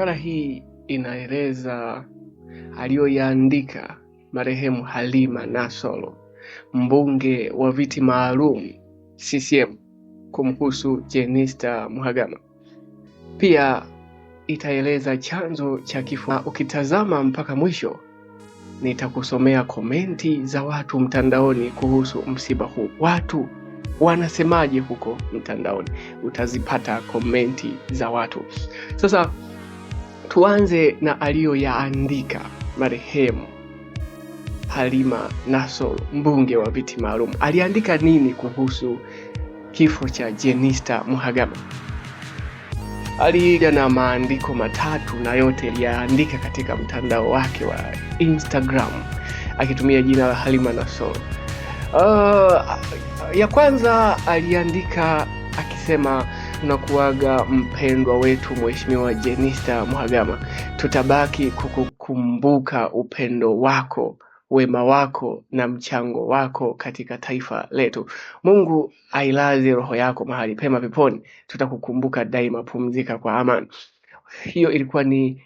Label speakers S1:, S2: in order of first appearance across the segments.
S1: Makala hii inaeleza aliyoyaandika marehemu Halima Nassoro, mbunge wa viti maalum CCM, kumhusu Jenista Mhagama. Pia itaeleza chanzo cha kifo. Ukitazama mpaka mwisho, nitakusomea komenti za watu mtandaoni kuhusu msiba huu. Watu wanasemaje huko mtandaoni? Utazipata komenti za watu. Sasa Tuanze na aliyoyaandika marehemu Halima Nassor, mbunge wa viti maalum. Aliandika nini kuhusu kifo cha Jenista Mhagama? Alija na maandiko matatu na yote aliyaandika katika mtandao wake wa Instagram akitumia jina la Halima Nassor. Uh, ya kwanza aliandika akisema tunakuaga mpendwa wetu Mheshimiwa Jenista Mhagama. Tutabaki kukukumbuka upendo wako wema wako na mchango wako katika taifa letu. Mungu ailaze roho yako mahali pema peponi, tutakukumbuka daima. Pumzika kwa amani. Hiyo ilikuwa ni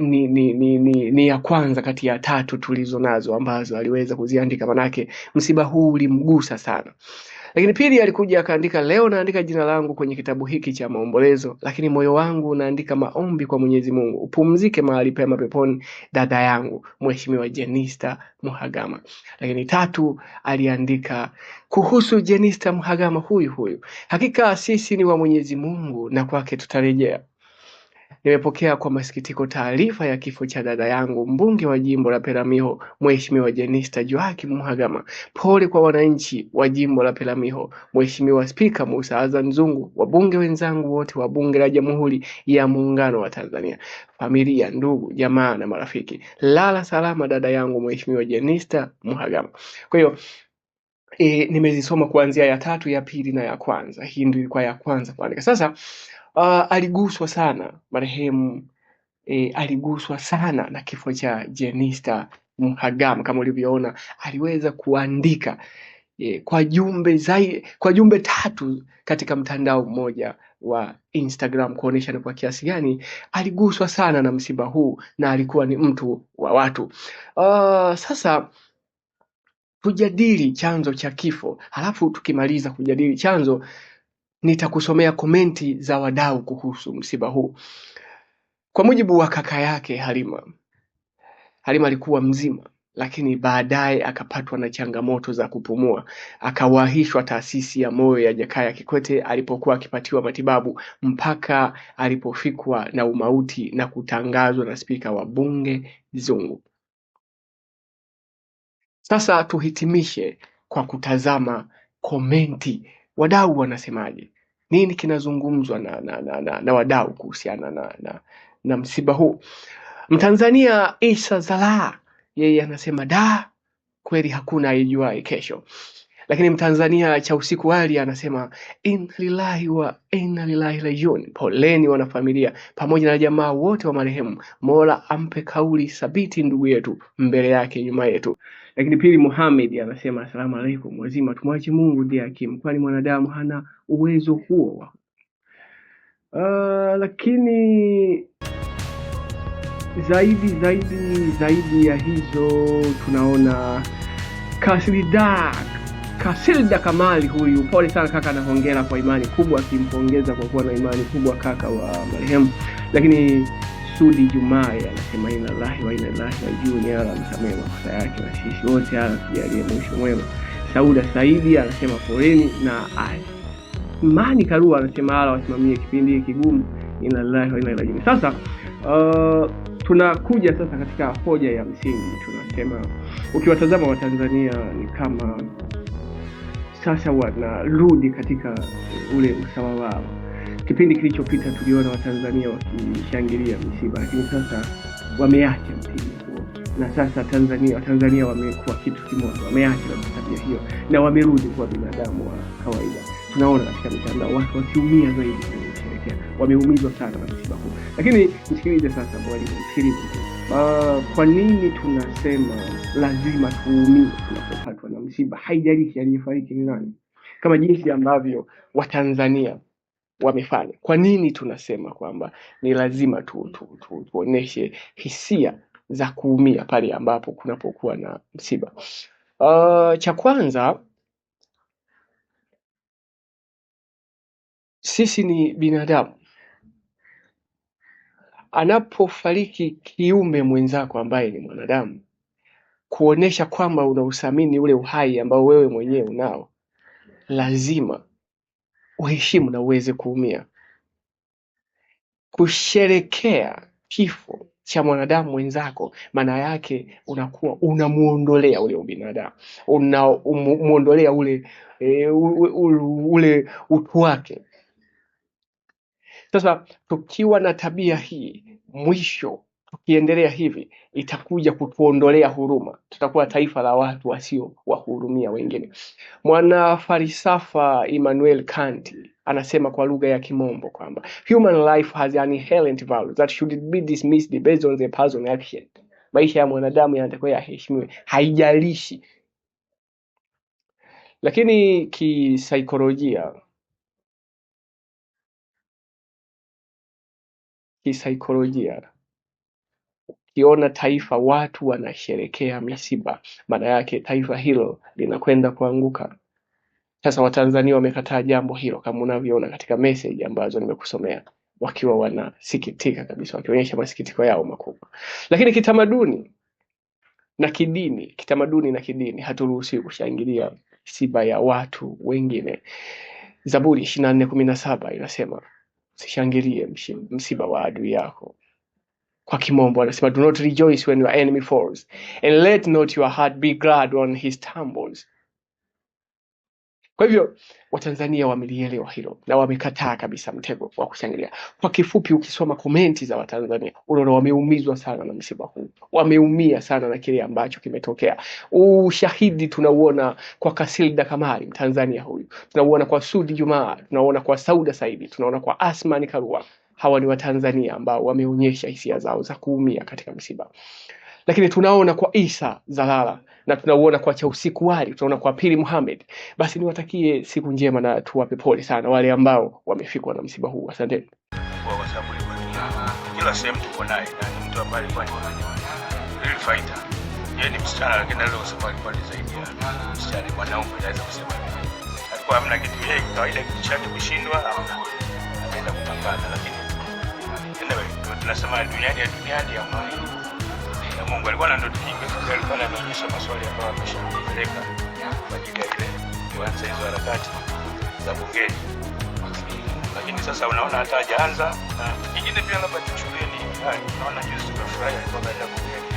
S1: ni, ni, ni, ni ni ya kwanza kati ya tatu tulizo nazo ambazo aliweza kuziandika, manake msiba huu ulimgusa sana. Lakini pili alikuja akaandika, leo naandika jina langu kwenye kitabu hiki cha maombolezo, lakini moyo wangu unaandika maombi kwa Mwenyezi Mungu. Upumzike mahali pema peponi, dada yangu, Mheshimiwa Jenista Mhagama. Lakini tatu aliandika kuhusu Jenista Mhagama huyu huyu, hakika sisi ni wa Mwenyezi Mungu na kwake tutarejea. Nimepokea kwa masikitiko taarifa ya kifo cha dada yangu mbunge wa jimbo la Peramiho, Mheshimiwa Jenista Joakim Mhagama. Pole kwa wananchi wa jimbo la Peramiho. Mheshimiwa Spika Musa Azan Zungu, wabunge wenzangu wote wa Bunge la Jamhuri ya Muungano wa Tanzania, familia, ndugu, jamaa na marafiki, lala salama dada yangu Mheshimiwa Jenista Mhagama. Kwa hiyo E, nimezisoma kuanzia ya tatu ya pili na ya kwanza. Hii ndio ilikuwa ya kwanza kuandika. Sasa Uh, aliguswa sana marehemu e, aliguswa sana na kifo cha Jenista Mhagama kama ulivyoona, aliweza kuandika e, kwa jumbe zai, kwa jumbe tatu katika mtandao mmoja wa Instagram kuonesha ni kwa kiasi gani aliguswa sana na msiba huu na alikuwa ni mtu wa watu. Uh, sasa tujadili chanzo cha kifo halafu tukimaliza kujadili chanzo nitakusomea komenti za wadau kuhusu msiba huu. Kwa mujibu wa kaka yake Halima, Halima alikuwa mzima lakini baadaye akapatwa na changamoto za kupumua, akawahishwa taasisi ya moyo ya Jakaya Kikwete alipokuwa akipatiwa matibabu mpaka alipofikwa na umauti na kutangazwa na spika wa bunge Zungu. Sasa tuhitimishe kwa kutazama komenti wadau wanasemaje, nini kinazungumzwa na, na, na, na, na wadau kuhusiana na, na, na msiba huu. Mtanzania Isa Zalaa yeye anasema da, kweli hakuna aijuae kesho. Lakini Mtanzania cha usiku ali anasema inlilahi wa inna ilaihi poleni wanafamilia, pamoja na jamaa wote wa marehemu. Mola ampe kauli thabiti ndugu yetu, mbele yake, nyuma yetu. Lakini pili, Muhammad anasema asalamu alaikum, wazima tumwache Mungu ndiye hakimu, kwani mwanadamu hana uwezo huo wa uh, lakini zaidi zaidi zaidi ya hizo tunaona Kasilda Kasilda Kamali, huyu pole sana kaka, na hongera kwa imani kubwa, akimpongeza kwa kuwa na imani kubwa kaka wa marehemu, lakini Sudi jumaa anasema inna lillahi wa inna ilaihi rajiun. Ala amsamehe makosa yake na sisi wote. Ala tujalie mwisho mwema. Sauda Saidi anasema foreni na mani Karua anasema ala wasimamie kipindi kigumu. Inna lillahi wa inna ilaihi rajiun. Sasa uh, tunakuja sasa katika hoja ya msingi, tunasema ukiwatazama Watanzania ni kama sasa wanarudi katika ule usawa wao Kipindi kilichopita tuliona Watanzania wakishangilia misiba, lakini sasa wameacha msiba huo, na sasa Tanzania Watanzania wamekuwa kitu kimoja, wameacha na tabia hiyo na wamerudi kuwa binadamu wa kawaida. Tunaona katika mitandao watu wakiumia zaidi kusherekea, wameumizwa sana na msiba huu. Lakini msikilize sasa, mwalimu, msikilize uh, kwa nini tunasema lazima tuumie tunapopatwa na msiba, haijalishi aliyefariki ni nani, kama jinsi ambavyo Watanzania wamefanya. Kwa nini tunasema kwamba ni lazima tu, tu, tu, tuoneshe hisia za kuumia pale ambapo kunapokuwa na msiba? Uh, cha kwanza sisi ni binadamu. Anapofariki kiumbe mwenzako ambaye ni mwanadamu, kuonesha kwamba unausamini ule uhai ambao wewe mwenyewe unao, lazima uheshimu na uweze kuumia. Kusherekea kifo cha mwanadamu mwenzako, maana yake unakuwa unamuondolea ule ubinadamu, unamuondolea ule, e, eh, ule ule utu wake. Sasa tukiwa na tabia hii, mwisho tukiendelea hivi itakuja kutuondolea huruma, tutakuwa taifa la watu wasio wahurumia wengine. Mwana farisafa Immanuel Kant anasema kwa lugha ya Kimombo kwamba human life has an inherent value that should be dismissed based on the person action. Maisha ya mwanadamu yanatakiwa yaheshimiwe, haijalishi. Lakini kisaikolojia kisaikolojia ukiona taifa watu wanasherekea misiba, maana yake taifa hilo linakwenda kuanguka. Sasa Watanzania wamekataa jambo hilo, kama unavyoona katika message ambazo nimekusomea, wakiwa wanasikitika kabisa, wakionyesha masikitiko yao makubwa. Lakini kitamaduni na kidini, kitamaduni na kidini, haturuhusiwi kushangilia misiba ya watu wengine. Zaburi ishirini na nne kumi na saba inasema usishangilie msiba wa adui yako, kwa kimombo anasema do not rejoice when your enemy falls and let not your heart be glad when he stumbles kwa hivyo watanzania wamelielewa hilo na wamekataa kabisa mtego wa kushangilia kwa kifupi ukisoma komenti za watanzania unaona wameumizwa sana na msiba huu wameumia sana na kile ambacho kimetokea ushahidi tunauona kwa kasilda kamari mtanzania huyu tunauona kwa sudi jumaa tunauona kwa sauda saidi tunaona kwa asmani karua hawa ni Watanzania ambao wameonyesha hisia zao za kuumia katika msiba, lakini tunaona kwa Isa Zalala na tunauona kwa Chausiku Wali, tunaona kwa Pili Muhamed. Basi niwatakie siku njema na tuwape pole sana wale ambao wamefikwa na msiba huu. Asanteni. Kila sehemu tuko naye na ni mtu ambaye alikuwa ni real fighter. Yeye ni msichana, lakini naweza kusema alikuwa ni zaidi ya msichana, mwanaume. Naweza kusema alikuwa hamna kitu, yeye kawaida kitu chake kushindwa ibada, lakini anyway, tunasema duniani ya duniani ya Mungu ya Mungu alikuwa na ndoto nyingi, kwa alikuwa anaonyesha maswali ambayo ameshapeleka kwa ajili ya ile kuanza hizo harakati za bungeni, lakini sasa unaona hata hajaanza na kingine pia, labda tuchukulie ni ah, unaona, juzi tunafurahi alikuwa baada ya bungeni,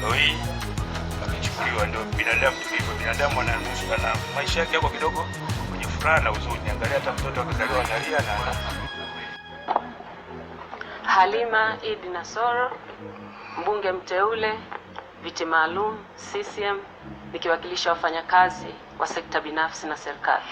S1: leo hii amechukuliwa. Ndio binadamu tulivyo, binadamu ananusurika na maisha yake yako kidogo kwenye furaha na huzuni. Angalia hata mtoto akizaliwa analia na Halima Idi Nasoro, mbunge mteule viti maalum CCM, nikiwakilisha wafanyakazi wa sekta binafsi na serikali.